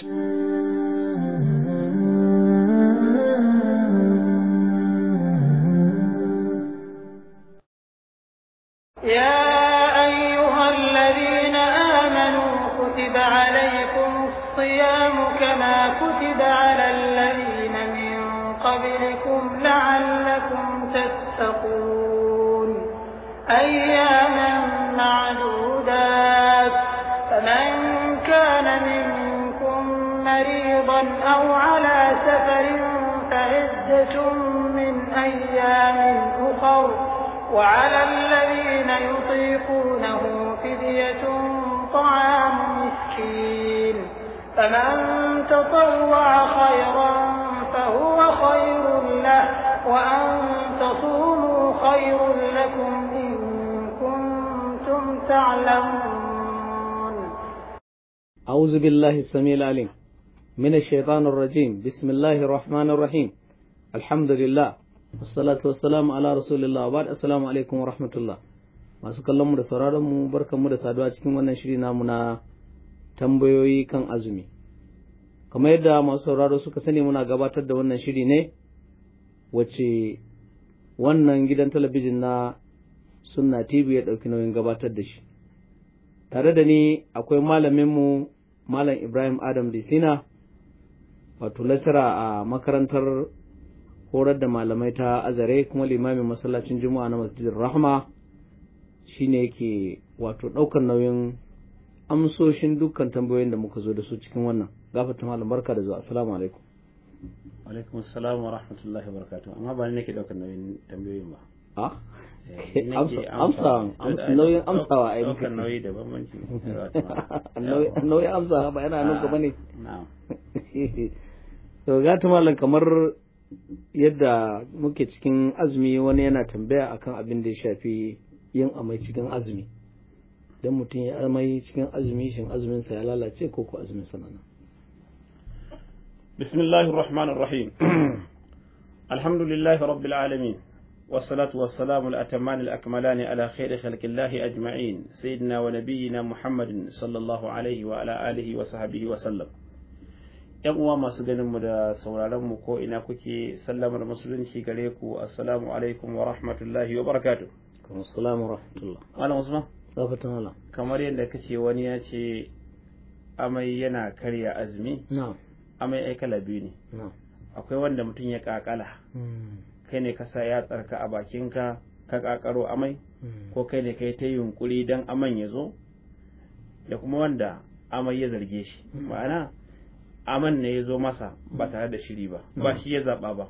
Christ. لكم إن كنتم تعلمون أعوذ بالله السميع العليم من الشيطان الرجيم بسم الله الرحمن الرحيم الحمد لله والصلاة والسلام على رسول الله وبعد السلام عليكم ورحمة الله masu kallon mu da sauraron mu barkanmu da saduwa cikin wannan shiri namu na tambayoyi kan azumi kamar yadda masu sauraro suka sani muna gabatar da wannan shiri ne wacce wannan gidan talabijin na sunna tv ya ɗauki nauyin gabatar da shi tare da ni akwai malaminmu malam ibrahim adam disina wato lasara a makarantar horar da malamai ta azare kuma limamin masallacin juma'a na masjidin rahma shine yake wato ɗaukar nauyin amsoshin dukkan tambayoyin da muka zo da su cikin wannan gafata malam barka da zuwa assalamu alaikum alaikum assalam wa rahmatullahi wa barakatuh amma ba ne nake daukar nauyin tambayoyin ba a ah? eh, amsa nauyin amsawa ai muka nauyi da bambanci nauyin amsawa ba yana nuka ba ne to ga malam kamar yadda muke cikin azumi wani yana tambaya akan abin da ya shafi yin amai cikin azumi don mutum ya amai cikin azumi shin azuminsa ya lalace ko ko azumin na nan بسم الله الرحمن الرحيم الحمد لله رب العالمين والصلاة والسلام الأتمان الأكملان على خير خلق الله أجمعين سيدنا ونبينا محمد صلى الله عليه وعلى آله وصحبه وسلم يقوى ما سجن مدى سورة لمكو إنا كوكي سلام المسلمين في قليكو السلام عليكم ورحمة الله وبركاته السلام ورحمة الله أنا مصمى صفة الله كمارين لكتي ونياتي أمينا كريا أزمي نعم amai ai kala biyu ne akwai wanda mutum ya kakala hmm. kai ne ka sa tsarka a bakinka ka kakaro amai hmm. ko kai ne kai ta yunkuri don aman ya zo da kuma wanda amai ya zarge shi hmm. ma'ana aman ne ya zo masa ba tare da shiri ba ba shi ya zaba ba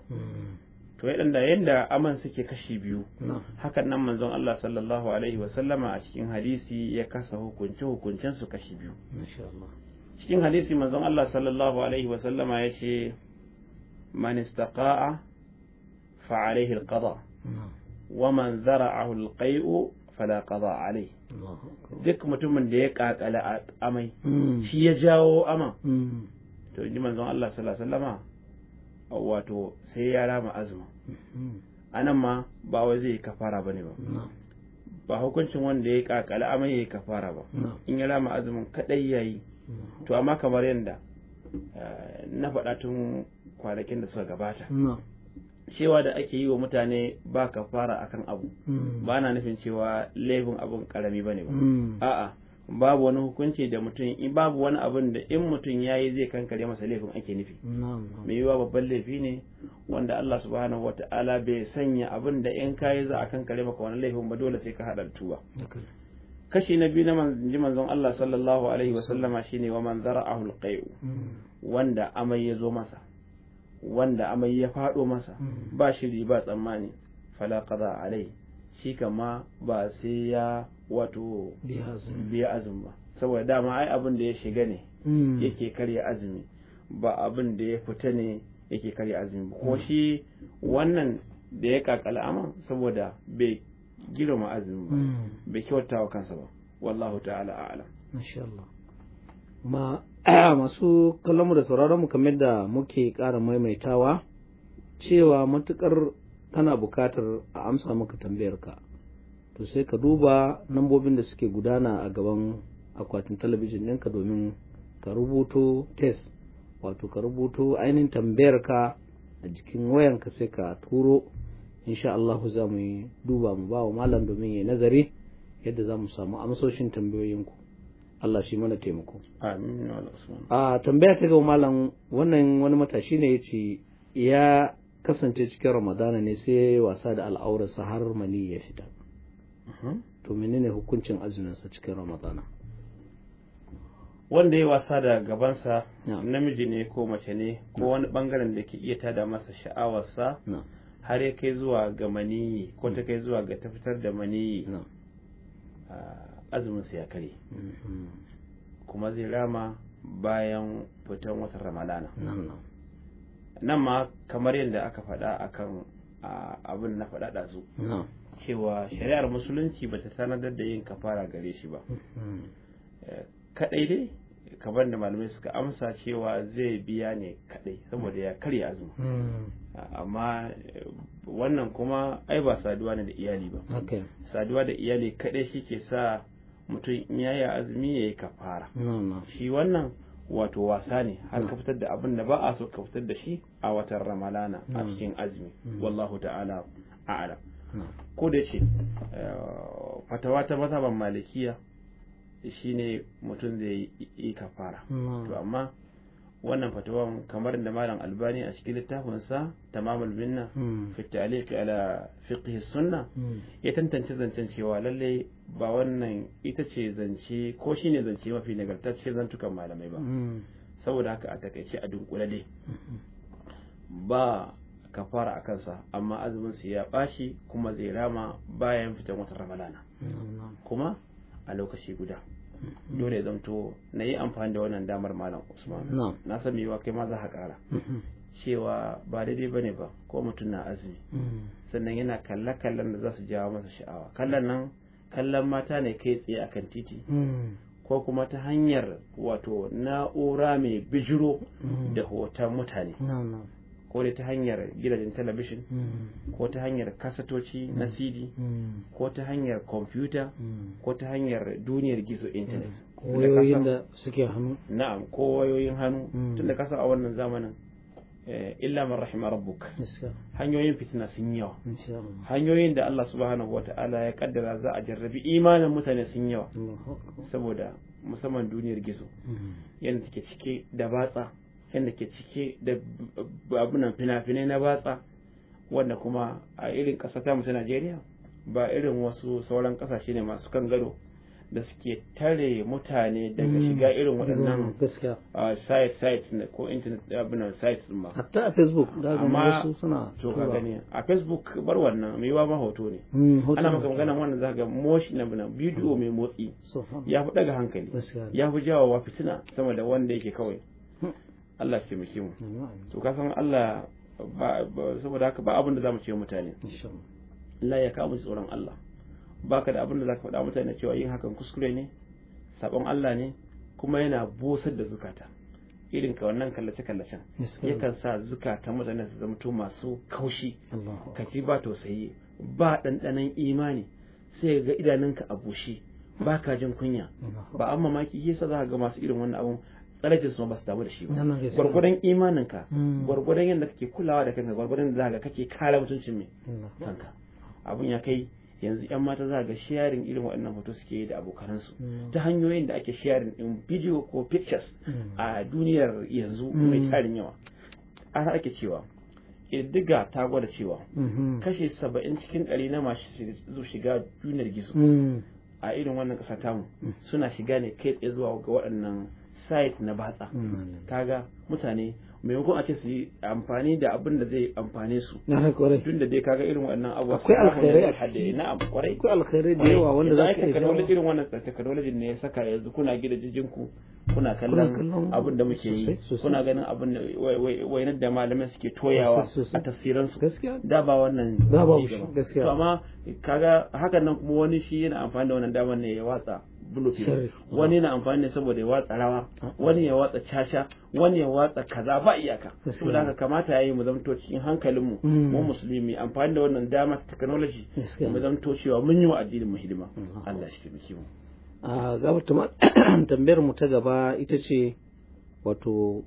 to waɗanda yadda aman suke kashi biyu hakan nan manzon Allah sallallahu alaihi wasallama a cikin hadisi ya kasa hukunce hukuncensu kashi biyu cikin hadisi manzon Allah sallallahu alaihi wasallama ya ce man istaqa'a fa alaihi alqada wa man zara'ahu alqai'u fala qada alaihi duk mutumin da ya kakala amai hmm. shi ya jawo ama hmm. to inji manzon Allah sallallahu alaihi wasallama wato sai ya rama azuma hmm. anan ma ba wai zai kafara bane ba ba hukuncin wanda ya kakala amai ya kafara ba in ya rama azumin kadai yayi to amma kamar yadda eh, na faɗa tun kwanakin da suka gabata cewa da ake yi wa mutane ba ka fara akan abu mm. ba na nufin cewa laifin abin karami ba ne ba mm. a'a babu wani hukunci da mutum in babu wani abin da in mutum ya yi zai kankare masa laifin ake nufi mai yiwa babban laifi ne wanda Allah subhanahu wa ta'ala bai sanya abin da in kayi za a kankare maka wani laifin ba dole sai ka haɗa tuba kashi na biyu na ji manzon Allah sallallahu alaihi wa sallama shine wa man a alqayu hmm. wanda amai ya zo masa wanda amai ya fado masa hmm. ba shiri ba tsammani fala qada alai shi kama ba sai ya wato biya azumi ba saboda dama ai abin da ya shiga ne hmm. yake karya azumi ba abin da ya fita ne yake karya azumi ko shi wannan da ya kakala amma saboda bai girma azumin ba hmm. bai kyauta kansa ba wallahu ta'ala a'ala masha ma masu kallonmu da sauraron mu kamar da muke ƙara maimaitawa cewa matukar kana bukatar a amsa maka tambayarka to sai ka duba lambobin da suke gudana a gaban akwatin talabijin ɗinka domin ka rubuto test wato ka rubuto ainihin tambayarka a jikin wayanka sai ka turo insha Allah za mu yi duba mu ba wa malam domin ya nazari yadda za mu samu amsoshin tambayoyinku Allah shi mana taimako a tambaya ta ga malam wannan wani matashi ne ya ce ya kasance cikin ramadana ne sai wasa da al'aurarsa har mani ya fita uh-huh. to menene hukuncin azuminsa cikin ramadana wanda ya wasa da gabansa namiji ne ko mace ne ko wani bangaren da ke iya tada masa sha'awarsa har ya kai zuwa ga maniyi ko ta kai zuwa ga ta fitar da maniyi azumin su ya kare mm-hmm. kuma zai rama bayan fitan watan ramadana nan ma kamar yadda aka faɗa akan abin na faɗa su cewa shari'ar musulunci ba ta sanadar da yin kafara gare shi ba mm-hmm. eh, kaɗai dai kamar da malamai suka amsa cewa zai biya ne kaɗai saboda ya karya azumi mm-hmm. amma wannan kuma ai ba saduwa ne da iyali ba saduwa da iyali kadai shi ke sa mutum ya yi azumi ya yi kafara shi wannan wato wasa ne har ka fitar da abin da ba a so ka fitar da shi a watan ramalana a cikin azumi mm. wallahu ta'ala a'ala ko da ce eh, fatawa ta mazhaban malikiya ne mutum zai yi kafara to amma wannan fatawan kamar da malam albani a cikin littafinsa tamamul minna hmm. fi ta'liqi ala fiqh sunna hmm. ya tantance zancen cewa lallai ba wannan ita ce zance ko shine zance mafi nagarta cikin zantukan malamai ba hmm. saboda haka a takaice a dunkule dai ba fara a kansa amma azumin su ya bashi kuma zai rama bayan fitan watan ramadana kuma a lokaci guda dole zan zamto na yi amfani da wannan damar malam usman na san mewa kai ma za ka kara mm-hmm. cewa ba daidai ba ne ba ko mutum na azumi mm-hmm. sannan yana kalla kallon da za su jawo masa sha'awa kallon nan kallon mata ne kai tsaye akan titi mm-hmm. ko kuma ta hanyar wato na'ura mai bijiro da hoton mutane ko dai ta hanyar gidajen talabishin hmm. ko ta hanyar kasatoci na hmm. cd hmm. ko ta hanyar kwamfuta ko ta hanyar duniyar gizo intanet wayoyin da suke hannu na'am ko wayoyin hannu tunda kasa a wannan zamanin eh, illa man rahima rabbuk hanyoyin fitina sun yawa hanyoyin da Allah subhanahu ta'ala ya kaddara za a jarrabi imanin mutane sun yawa saboda musamman duniyar gizo yadda take cike da batsa yadda ke cike da abunan fina-finai na batsa wanda kuma a irin ƙasa ta mutu najeriya ba irin wasu sauran ƙasashe ne masu kan gado da suke tare mutane daga mm. shiga irin waɗannan mm, site sites ko internet abunan sites din ba hatta a facebook da ga wasu suna to ka gani a facebook bar wannan mai yiwa ma hoto ne mm, ana maka magana wannan zaka ga motion na binan bidiyo mai motsi ya fi daga hankali ya fi wa fitina sama da wanda yake kawai Allah shi taimake mu to ka san Allah saboda haka ba abin da zamu ce mutane Allah ya kawo tsoron Allah Ba ka da abin da zaka faɗa mutane cewa yin hakan kuskure ne sabon Allah ne kuma yana busar da zukata irin ka wannan kallace kallacen yakan sa zukata mutane su zama masu kaushi kaci ba tausayi ba ɗanɗanan imani sai ga idanunka a bushe ba ka jin kunya ba amma mamaki yasa za ga masu irin wannan abun tsarajin su ma ba damu da shi ba gwargwadon ka hmm. gwargwadon yadda kake kulawa da kanka gwargwadon da za kake kare mutuncin mai hmm. kanka abin ya kai yanzu yan mata za ga sharing irin waɗannan hoto suke da da abokanansu hmm. ta hanyoyin da ake sharing din video ko pictures a duniyar yanzu mai tarin yawa a ake cewa ƙididdiga ta gwada cewa kashe saba'in cikin ɗari na masu shiga duniyar gizo a irin wannan ƙasa tamu suna shiga ne kai tsaye zuwa ga waɗannan site na batsa mm. kaga mutane maimakon a ce su yi amfani da abin da zai amfane su tun da dai kaga irin wannan abu akwai alkhairai a ciki Na kwarai akwai alkhairai da yawa wanda za ka yi technology irin wannan technology ne ya saka yanzu kuna gida jijinku kuna kallon abin da muke yi kuna ganin abin da wainar da malamai suke toyawa a tasirin su da ba wannan gaskiya to amma kaga hakan nan kuma wani shi yana amfani da wannan damar ne ya watsa blufi wani na amfani ne saboda ya watsa rawa ah. wani ya watsa caca wani ya watsa kaza ba iyaka saboda haka kamata yayi mu zamto cikin hankalinmu mm. mu musulmi amfani da wannan dama ta technology mu zamto cewa mun yi wa addinin mu hidima mm. Allah shi taimake mu a gaba tambayar mu ta gaba ita ce wato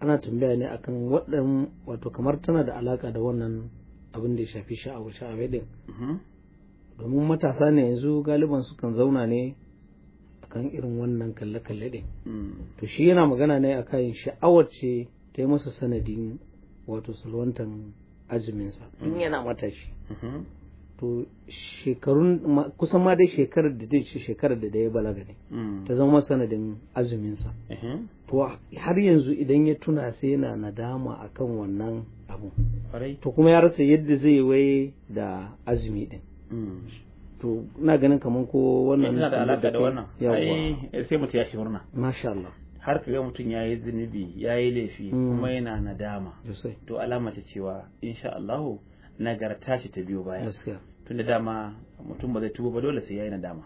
ana tambaya ne akan waɗan wato kamar tana da alaka da wannan abin da ya shafi sha'awar sha'awar din mm-hmm. domin matasa ne yanzu galiban sukan zauna ne akan irin wannan kalle-kalle ɗin hmm. to shi yana magana ne akan sha'awar ce ta yi masa sanadin wato salwantan azuminsa in hmm. yana matashi mm-hmm. to shekarun kusan ma dai shekarar da dai ce shekarar da ya balaga ne hmm. ta zama sanadin azuminsa mm-hmm. to har yanzu idan ya tuna sai yana nadama akan wannan abu to kuma ya rasa yadda zai waye da azumi din to na ganin kamar ko wannan ne da alaka da wannan ai eh, sai mutum ya shi murna masha Allah har kaga mutum ya yi zunubi ya laifi mm. kuma yana nadama to alama ta cewa insha Allah nagarta shi ta biyo baya tunda dama mutum ba zai tuba ba dole sai ya yi nadama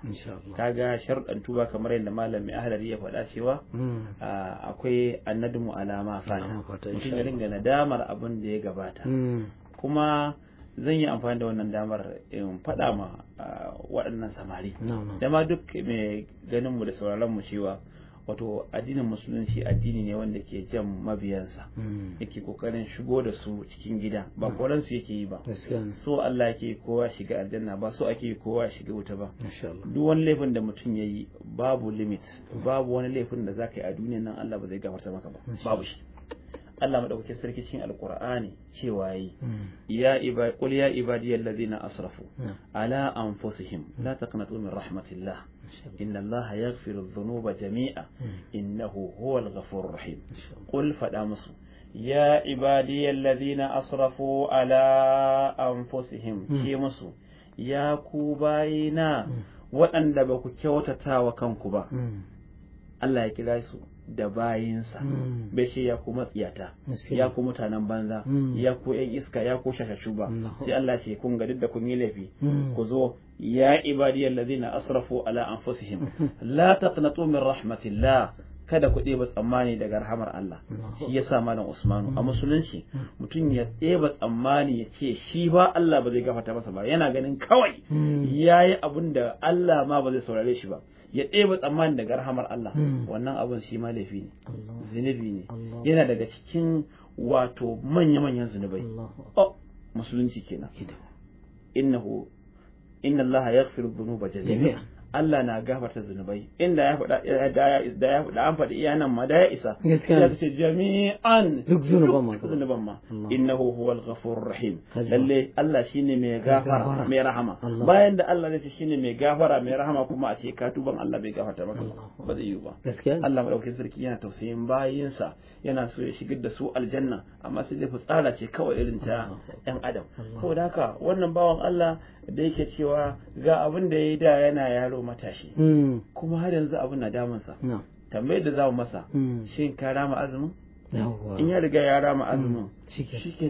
kaga sharɗan tuba kamar yadda malami ahlari ya faɗa cewa mm. akwai annadmu alama fata mutum ya ringa nadamar abin da ya gabata mm. kuma zan yi amfani da wannan damar in faɗa ma waɗannan samari dama duk mai ganin mu da sauraron mu cewa wato addinin musulunci addini ne wanda ke jan mabiyansa hmm. yake kokarin shigo da su cikin gida ba koran su yake yi ba so Allah yake kowa shiga aljanna ba so ake kowa shiga wuta ba duk wani laifin da mutum yayi babu limit hmm. babu wani laifin da zaka yi a duniyar nan Allah ba zai gafarta maka ba babu shi Allah maɗaukakin sarkicin alkur'ani cewa yi ƙul hmm. ya ibadi yallazi na asrafu hmm. ala an hmm. la taqnatu min rahmatillah inna Allah ya gafiru zunuba jami'a innahu huwal ghafur rahim ƙul faɗa musu ya ibadi yallazi na asrafu ala an ke musu ya ku bayi waɗanda baku ku kyautata kanku ba Allah ya kira su da bayinsa mm. bai ce ya ku matsiyata ya ku mutanen banza mm. ya ku yan iska ya ku shashashu ba sai Allah ce kun ga da kun yi laifi mm. ku zo ya ibadiyal ladina asrafu ala anfusihim la taqnatu min rahmatillah kada ku ɗeba tsammani daga rahamar Allah shi yasa malam Usmanu a musulunci mutum ya ɗeba tsammani ya ce shi ba Allah ba zai gafata masa ba yana ganin kawai yayi abin da Allah ma ba zai saurare shi ba ya ɗeba tsammani daga rahamar Allah hmm. wannan abun shi ma laifi ne zunubi ne yana daga cikin wato manya-manyan zunubai oh musulunci kenan innahu inna Allah yaghfiru dhunuba jami'a Allah na gafarta zunubai inda ya faɗa eh, da ya faɗa an faɗi iya nan ma da ya isa ya ce jami'an duk zunuban ma innahu huwal ghafurur rahim lalle Allah shine mai gafara mai rahama bayan da Allah zai ce shine mai gafara mai rahama kuma a ce ka tuban Allah bai gafarta maka ba zai yiwu ba Allah madaukakin sarki yana tausayin bayinsa yana so ya shigar da su aljanna amma sai dai fitsara ce kawai irin ta ɗan adam saboda haka wannan bawan Allah da yake cewa ga abin da ya yi da yana yaro yaro matashi hmm. kuma har yanzu abin na damansa. tambayar da za mu masa hmm. shin ka rama azumin in ya riga ya rama hmm. azumin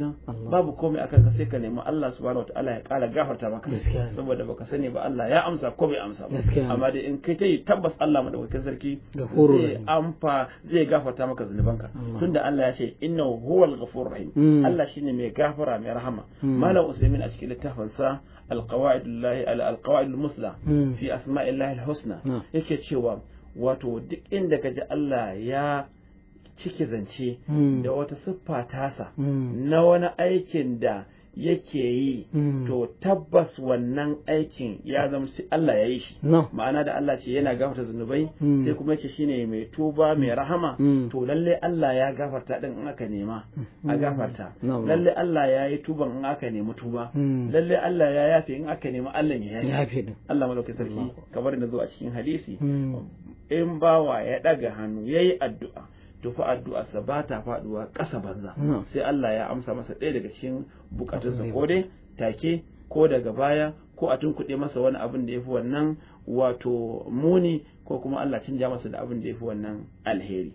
nan babu komai a ka sai ka nemi Allah subhanahu wataala ya kara gafarta maka saboda baka sani ba Allah ya amsa ko bai amsa ba amma dai in kai yi tabbas Allah madaukakin sarki zai amfa zai gafarta maka zunubanka tunda Allah ya ce inna huwal ghafurur rahim Allah shine mai gafara mai rahama malam usaimin a cikin littafin sa alqawaid alqawaid musla fi asma'illahi alhusna yake cewa wato duk inda kaji Allah ya cike zance da wata siffa tasa na wani aikin da yake yi hmm. to tabbas wannan aikin ya zama sai Allah ya yi shi ma'ana da Allah ce yana gafarta zunubai hmm. sai kuma yake shine mai tuba mai hmm. rahama to lalle Allah ya gafarta din in aka nema a gafarta lalle Allah ya yi tuba in aka nemi tuba lalle Allah ya yafe in aka nemi Allah ya yafe Allah madaukakin sarki kamar da zo a cikin hadisi in bawa ya daga hannu yayi addu'a to fa addu'arsa ba ta faduwa ƙasa banza sai Allah ya amsa masa ɗaya daga cikin bukatunsa ko dai take ko daga baya ko a tunkuɗe masa wani abin da ya fi wannan wato muni ko kuma Allah canja masa da abin da ya fi wannan alheri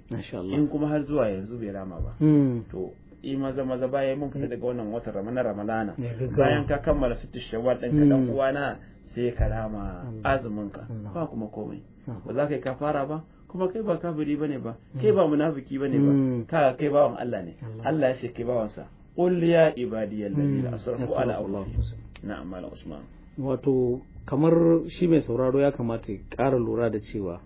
in kuma har zuwa yanzu bai rama ba hmm. to yi maza maza bayan mun fita daga wannan watan ramana ramalana bayan ka kammala sittin shawar ɗan ka hmm. uwana sai ka rama azumin ka ba kuma komai ba za ka yi ka fara ba kuma kai ba kafiri bane ba hmm. kai ba munafiki bane ba hmm. ka kai bawan Allah ne Allah ya ce kai sa qul ya ibadiyal hmm. ladina asrafu ala anfusihim na'am malam usman wato kamar shi mai sauraro ya kamata ya ƙara lura da cewa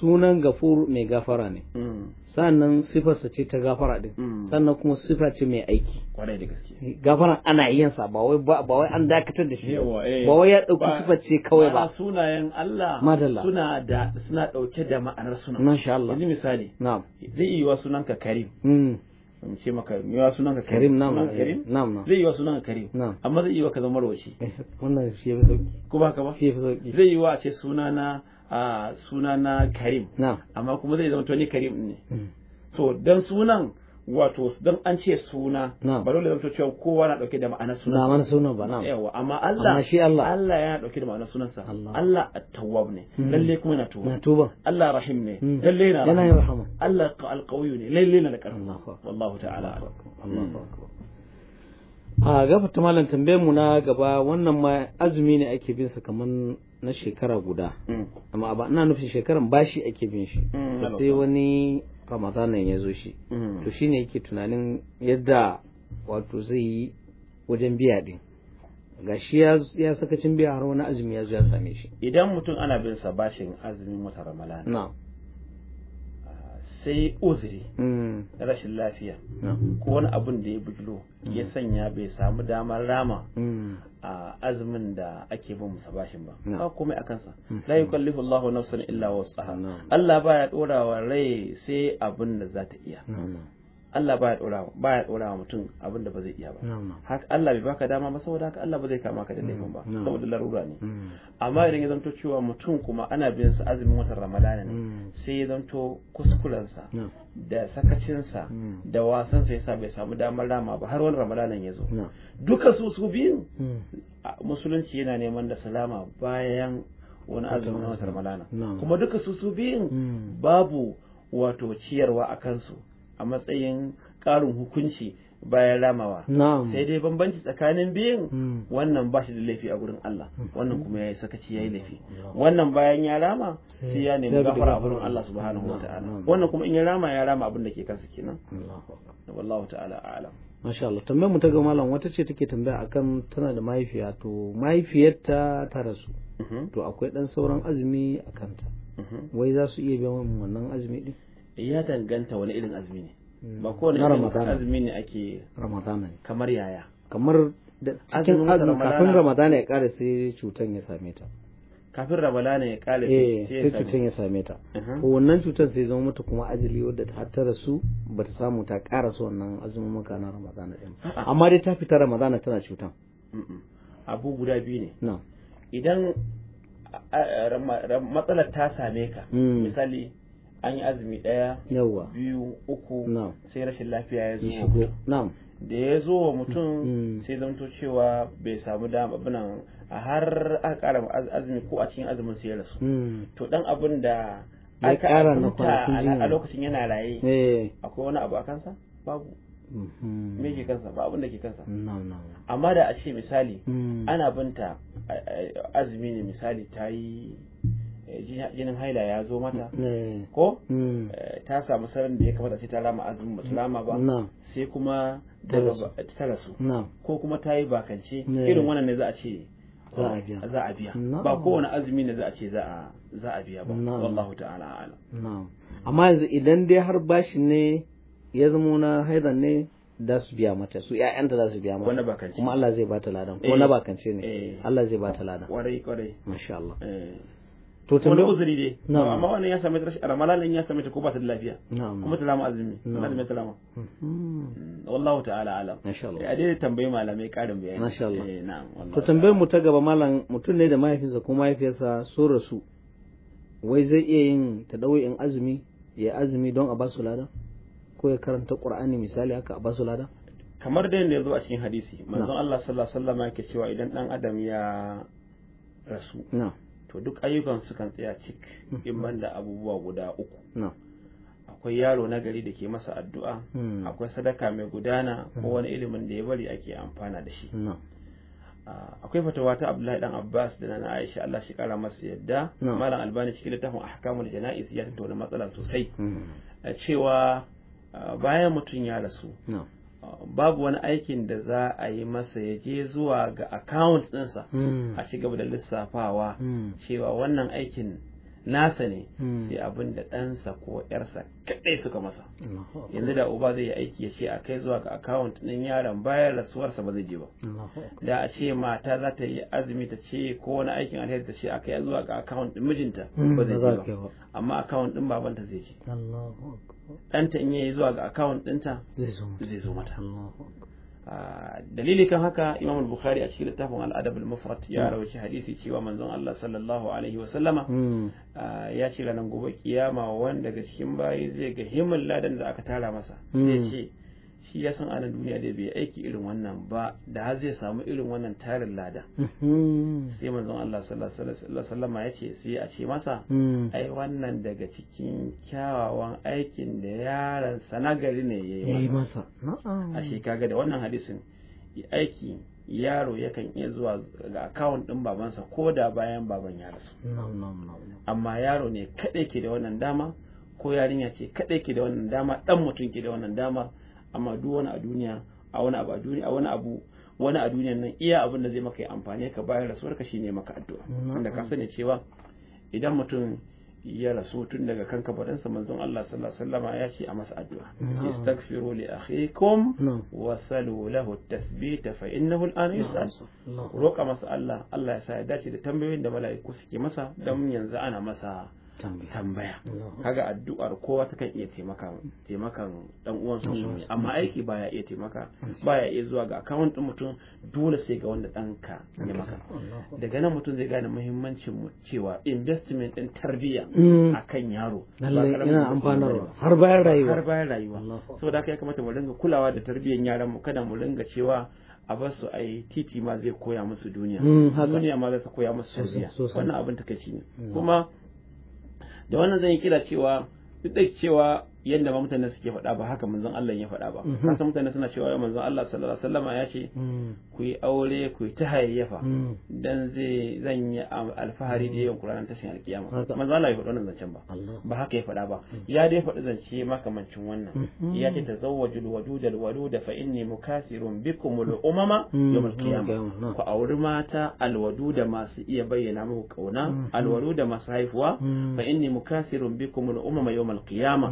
sunan gafur mai gafara ne hmm. sannan sifarsa ce ta gafara din hmm. sannan kuma sifa ce mai aiki kwarai da gaske gafara ana yin sa ba wai ba wai an dakatar da shi ba eh. wai ya dauki sifar ce kawai ba sunayen Allah suna da suna dauke da ma'anar suna masha Allah yanzu misali na'am zai yi wa sunan ka Karim mu hmm. ce maka yi wa ka Karim na'am na'am zai yi wa ka Karim amma zai yi wa ka zama marwaci eh, wannan shi yafi sauki ko ba ka ba shi yafi sauki zai yi wa ce sunana a suna na karim amma kuma zai zama ni karim ne mm. so dan sunan wato don an ce suna ba dole zama cewa kowa na dauke da ma'anar sunan na ma'anar sunan ba na yawa amma Allah amma shi Allah Allah yana dauke da ma'anar sunansa Allah at-tawwab ne mm. lalle kuma yana tuba tuba Allah rahim ne mm. lalle yana yana rahama Allah al ne lalle yana da karfi wallahu ta'ala Allahu akbar a gafa malam tambayar mu na gaba wannan ma azumi ne ake bin sa kaman na shekara guda hmm. amma ba ina nufin shekaran bashi ake bin shi hmm, to sai wani ramadanan ya zo shi hmm. to shine yake tunanin yadda wato zai yi wajen biya din ga shi ya sakacin biya har wani azumi ya zo ya same shi idan mutum ana bin sa bashin azumin wata ramadana na ah, sai uzuri rashin lafiya ko wani abun da ya bugulo ya sanya bai samu damar rama azumin da ake bin masa bashin ba ba komai akan sa mm-hmm. la yukallifu Allahu nafsan illa wusaha Allah baya dora wa rai sai abin da za ta iya Allah baya ɗorawa baya mutum abin da ba zai iya ba haka Allah bai baka dama ba saboda haka Allah ba zai kama ka da laifin ba saboda larura ne mm. amma idan ya zanto cewa mutum kuma ana bin sa azumin watan Ramadana ne mm. sai ya zanto kuskurensa da sakacinsa mm. da wasan wasansa yasa bai samu damar rama ba har wani ramadana ya zo duka su su biyu musulunci yana neman da salama bayan wani azumin watan Ramadana kuma duka su su biyu babu wato ciyarwa a kansu a matsayin ƙarin hukunci bayan ramawa sai dai bambanci tsakanin biyun hmm. wannan ba shi da laifi a gurin Allah hmm. wannan kuma ya yi sakaci ya yi laifi hmm. wannan bayan ya rama sai ya nemi gafara a gurin Allah subhanahu wa ta'ala wannan kuma in ya rama ya rama abin da ke kansa kenan wallahu ta'ala a'lam masha Allah tambayar mu ta ga malam wata ce take tambaya akan tana da mahaifiya to mahaifiyarta ta rasu mhm. to akwai dan sauran azumi a kanta mhm. wai za su iya biyan wannan azumi din Eh, ya danganta wani irin azumi ne hmm. ba kowane irin azumi ne ake ramadana kamar yaya kamar cikin azumi kafin ramadana ya kare sai cutan ya same ta kafin ramadana ya kare eh, sai cutan ya same ta ko uh-huh. wannan cutan sai zama mata kuma ajali wadda ta hattara su ba ta samu ta karasa wannan azumin maka na ramadana din amma dai ta fita ramadana tana cutan abu guda biyu ne idan matsalar ta same ka hmm. misali an yi azumi ɗaya biyu uku sai rashin lafiya ya zo da ya zo wa mutum mm. sai zamto cewa bai samu dama abinan a har aka ƙara azumi ko a cikin azumin sai ya rasu mm. to dan abin da aka a lokacin yana raye eh. akwai wani abu a kansa babu mm-hmm. me ke kansa ba abin da ke kansa amma da a ce misali mm. ana binta azumi ne misali ta yi Eh, jinin haila ya zo mata eh. ko hmm. eh, ta samu sarin da ya kamata ce ta rama azumin ba rama ba sai kuma ta rasu ko kuma ta yi bakance irin wannan ne za a ce za a biya ba kowane azumi ne za a ce za a biya ba wallahu ta'ala ala amma yanzu idan dai har bashi ne ya zama na haidan ne da su biya mata su ƴaƴanta za su biya mata kuma Allah zai bata ladan ko na bakance ne Allah zai bata ladan kwarai kwarai masha Allah to wani uzuri dai amma wannan ya same ta rashin ramadan ya same ta ko ba ta da lafiya kuma ta lama azumi kuma ta ta lama wallahu ta'ala alam masha Allah eh, a dai tambayi malamai karin bayani masha Allah eh, na'am to tambayar mu ta gaba malam mutum ne da mahaifinsa ko mahaifiyarsa so rasu wai zai iya yin in azumi ya azumi don a basu lada ko ya karanta qur'ani misali haka a basu lada kamar da yanda yazo a cikin hadisi manzon Allah sallallahu alaihi wasallam yake cewa idan dan adam ya rasu na'am to duk ayyukan sukan tsaya cik mm-hmm. in banda abubuwa guda uku akwai yaro na gari da ke masa addu'a mm. akwai sadaka mai gudana ko mm-hmm. wani ilimin da ya bari ake amfana da shi ah, akwai fatawa ta Abdullahi dan Abbas da na Aisha Allah shi kara masa yadda malam Albani cikin littafin ahkamul jana'iz ya tattauna matsala sosai mm-hmm. eh, cewa ah, bayan mutum ya rasu babu wani aikin da za a yi masa ya je zuwa ga account ɗinsa hmm. a ci gaba da lissafawa hmm. cewa wannan aikin nasa ne hmm. sai abin da ɗansa ko ‘yarsa kaɗai suka masa yanzu da uba zai yi aiki ya ce a kai zuwa ga account ɗin yaron bayan rasuwarsa ba zai je ba da a ce mata za ta yi azumi ta ce ko wani aikin a ta ce a kai zuwa ga account ɗin mijinta ba zai je ba amma account ɗin babanta zai je ɗanta in yayi zuwa ga account ɗinta zai zo mata ah, dalili kan haka imam bukhari a cikin littafin al'adab al-mufrad ya hmm. rawaci hadisi cewa manzon Allah sallallahu alaihi wa sallama hmm. ah, ya ce ranar gobe kiyama wanda daga cikin bayi zai ga himmin ladan da aka tara masa zai hmm. ce shi ya san anan duniya da bai aiki irin wannan ba da har zai samu irin wannan tarin lada mm-hmm. sai manzon Allah sallallahu ya ce sai a ce masa mm. ai wannan daga cikin kyawawan aikin da yaron sanagari ne ya yi masa a shi kaga da wannan hadisin aiki yaro yakan iya zuwa ga akawun din babansa ko da bayan baban ya rasu amma yaro ne kaɗai ke da wannan dama ko yarinya ce kaɗai ke da wannan dama ɗan mutum ke da wannan dama amma duk wani a duniya a wani abu a duniya wani abu wani a duniyan nan iya abin da zai maka yi amfani ka bayan rasuwar ka shine maka addu'a wanda ka sani cewa idan mutum ya rasu tun daga kanka barinsa manzon Allah sallallahu alaihi wasallama ya ce a masa addu'a istaghfiru li akhikum wa salu lahu tathbita fa innahu al'an yus'al roka masa Allah Allah ya sa ya dace da tambayoyin da mala'iku suke masa dan yanzu ana masa tambaya kaga addu'ar kowa ta kan iya taimakan taimakan dan uwan su amma aiki baya iya taimaka baya iya zuwa ga account din mutum dole sai ga wanda ka ne maka daga nan mutum zai gane muhimmancin mu cewa investment din tarbiyya mm. akan yaro Ina amfanarwa har bayan rayuwa har bayan rayuwa saboda haka ya kamata mu dinga kulawa da tarbiyyar yaran mu kada mu dinga cewa a ba su ai titi ma zai koya musu duniya mm, duniya ma za ta koya musu sosai. wannan abin takaici ne mm. kuma da wannan zan yi kira cewa duk da cewa yadda ba mutane suke faɗa ba haka manzon Allah ya faɗa ba mhm. kasan mutane suna cewa manzon Allah sallallahu alaihi wasallama ya ce mm. ku yi aure ku yi ta hayayyafa mm. dan zai zan yi alfahari da yawan Qur'anin tashin alkiyama manzon Allah ya faɗa wannan zancen ba ba haka ya faɗa ba mm. ya dai faɗa zance makamancin wannan mm-hmm. ya ce tazawwaju alwajuda alwaluda fa inni mukathirun bikum alumama yawm alqiyama ku auri mata alwaduda masu iya bayyana muku kauna mm-hmm. alwaluda masu haifuwa fa inni mukathirun bikum alumama yawm alqiyama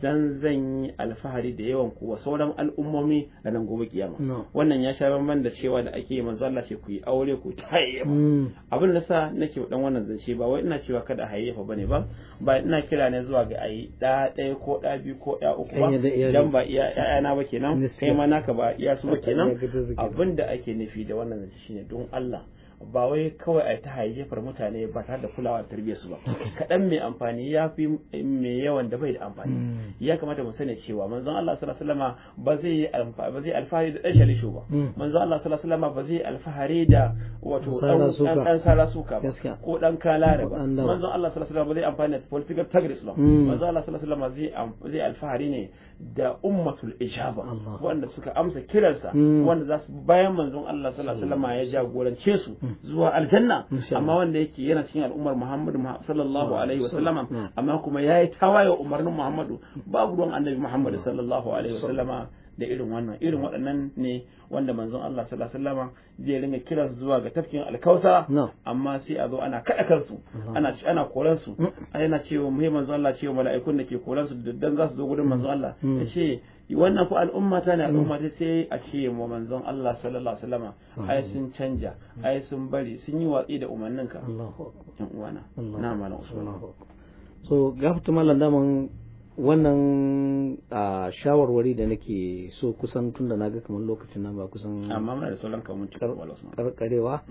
dan zan yi alfahari da yawan kuwa sauran al'ummomi da nan gobe kiyama wannan ya sha bamban da cewa da ake manzalla ce ku yi aure ku taye mm. abin da sa nake dan wannan zance ba wai ina cewa kada hayyafa bane ba ba ina kira ne zuwa ga ayi da ɗaya ko da biyu ko da uku ba dan ba iya na ba kenan kai ma naka ba iya su ba kenan abin da ake nufi da wannan zance shine don Allah ba wai kawai a ta hayyafar mutane ba tare da kulawa da tarbiyyar su ba kaɗan mai amfani ya fi mai yawan da bai da amfani hmm. ya kamata mu sani cewa manzon Allah sallallahu alaihi wasallam ba zai ba zai alfahari da dan lishu ba hmm. manzon Allah sallallahu alaihi wasallam ba zai alfahari da wato dan dan sara suka ba ko dan kalare ba manzon Allah sallallahu alaihi wasallam ba zai amfani da political targets ba hmm. manzon Allah sallallahu alaihi wasallam zai alfahari ne da ummatul ijaba wanda suka amsa kiransa wanda za su bayan manzon Allah sallallahu alaihi wasallam ya jagorance su zuwa aljanna amma wanda yake yana cikin al'ummar Muhammadu sallallahu alaihi wa sallama hmm. amma kuma yayi tawaye umarnin Muhammadu babu ruwan annabi Muhammadu sallallahu alaihi wa sallama da irin wannan irin waɗannan ne wanda manzon Allah sallallahu alaihi sallama zai ringa kiran zuwa ga tafkin alkausa amma sai a zo ana kada kansu ana ci ana koran su hmm. yana cewa muhimmin manzon Allah cewa mala'ikun da ke koran su da dan za su zo gurin manzon hmm. Allah ya ce wannan ku al'umma ta mm. ne al'umma ta sai a ce wa manzon Allah sallallahu alaihi wasallam mm. ai sun canja mm. ai sun bari sun yi watsi da umannin ka yan uwana na malam usman so ga gafta malam daman wannan a shawarwari da nake so kusan tun da na ga kamar lokacin nan ba kusan amma muna da sauran kamar karkarewa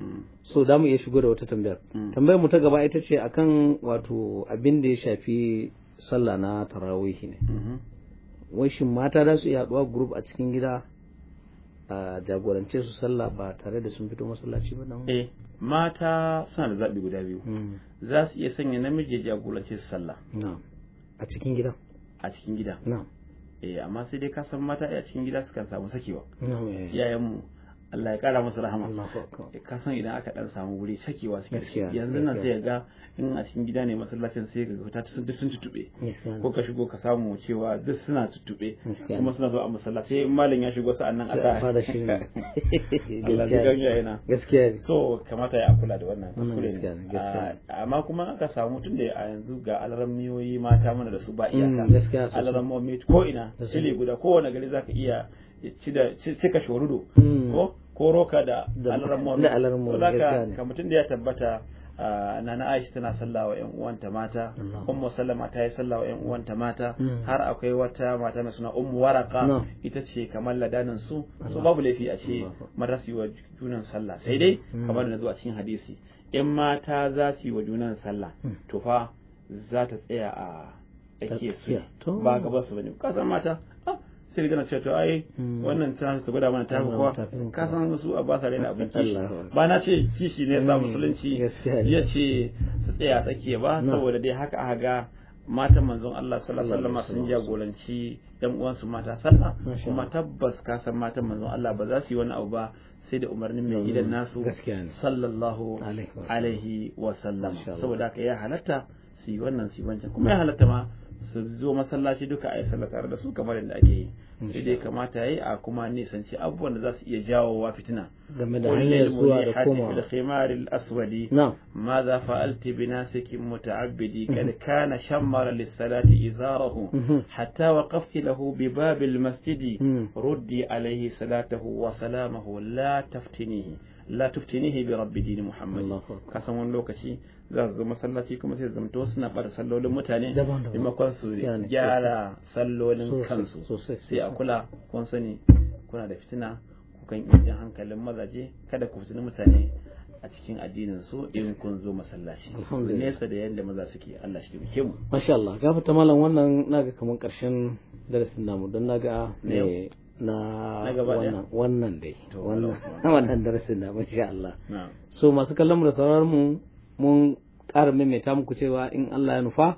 so da mu iya shigo da wata tambayar tambayar mu ta gaba ita ce akan wato abin da ya shafi sallah na tarawihi ne mm-hmm. shin mata za su iya haɗuwa group a cikin gida a jagorance su sallah ba tare da sun fito masallaci ba nan eh mata suna da zaɓi guda biyu hmm. za su iya sanya namiji jagorance su sallah a cikin gida a cikin gida na'am eh amma sai dai ka san mata a cikin gida sukan samu sakewa eh. iyayenmu Allah ya kara musu rahama eh, ka san idan aka dan samu wuri cakewa suke yanzu nan sai ga in a cikin gida ne masallacin sai ga ta sun sun tutube ko ka shigo ka samu cewa duk suna tutube kuma suna zuwa a masallaci in malam ya shigo sa'an nan aka fara shirin Allah ya ganya yana gaskiya so kamata ya kula da wannan kuskure ah, amma kuma aka samu tun da a yanzu ga alarmiyoyi mata mana da su ba iyaka mm, alarmiyoyi ko ina shiri guda kowane gari zaka iya cika shorudu hmm. ko ko roka da alarmon da ka mutum da ya tabbata nana Aisha tana sallah wa uwanta mata ummu sallama ta yi sallah wa uwanta mata hmm. har akwai wata mata mai suna ummu waraka ita ce kamar ladanin su so babu laifi a ce mata wa junan sallah sai dai hmm. kamar da zo a cikin hadisi in mata za su yi wa junan sallah to fa za ta tsaya a ake su ba gaba su bane kasan mata sai gana cewa to ai mm. wannan ta ta gwada mana ta kowa ka san su a ba sa raina abin kishi ba na ce kishi ne sa mm, musulunci ya ce su tsaya tsakiya ba saboda dai haka a ga matan manzon Allah sallallahu alaihi wasallam sun jagoranci uwan su mata sallah kuma tabbas ka san matan manzon Allah ba za su yi wani abu ba sai da umarnin mai gidan nasu sallallahu alaihi wasallam saboda ka ya halatta su yi wannan su yi wancan kuma ya halatta ma su zo masallaci duka a yi sallah tare da su kamar yadda ake yi sai dai kamata yayi a kuma nisanci abubuwan da za su iya jawo wa fitina game da hanyar zuwa da komawa da khimaril aswadi ma za fa'alti bi nasikin muta'abbidi mhm. kad kana shammara lis-salati izarahu mhm. hatta waqafti lahu bi babil masjidi mhm. ruddi alayhi salatahu wa salamahu la taftinihi la tuftinihi bi rabbi dini muhammad kasan wani lokaci za su zo masallaci kuma sai zamto suna bada sallolin mutane maimakon su gyara sallolin kansu sai a kula kun sani kuna da fitina kukan iya hankalin mazaje kada ku fitina mutane a cikin addinin su in kun zo masallaci nesa da yadda maza suke Allah shi taimake mu masha Allah gafa ta wannan naga kaman karshen darasin namu don naga ne na wannan dai wannan darasin da insha Allah so masu kallon mu da sauran mu mun ƙara maimaita muku cewa in Allah ya nufa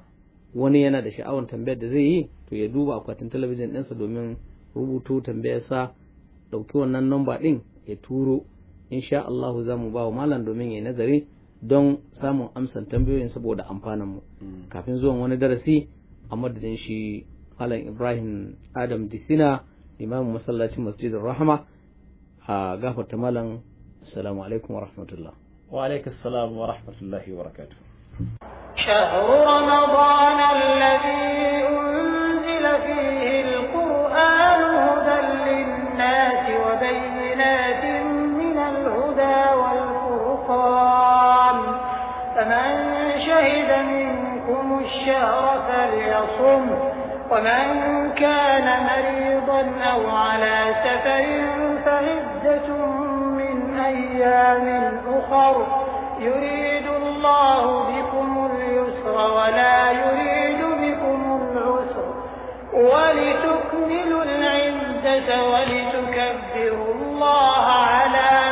wani yana da sha'awar tambayar da zai yi to ya duba akwatin talabijin ɗinsa domin rubuto tambayarsa ɗauki wannan namba ɗin ya turo insha Allah za mu ba wa malam domin ya nazari don samun amsan tambayoyin saboda amfanin mu hmm. kafin zuwan wani darasi a madadin shi malam Ibrahim Adam Disina إمام مسلاة مسجد الرحمة قهوة تمالا السلام عليكم ورحمة الله وعليك السلام ورحمة الله وبركاته شهر رمضان الذي أنزل فيه القرآن هدى للناس وبينات من الهدى والفرقان فمن شهد منكم الشهر فليصم ومن كان مريضا مرض أو على سفر فعدة من أيام أخر يريد الله بكم اليسر ولا يريد بكم العسر ولتكملوا العدة ولتكبروا الله على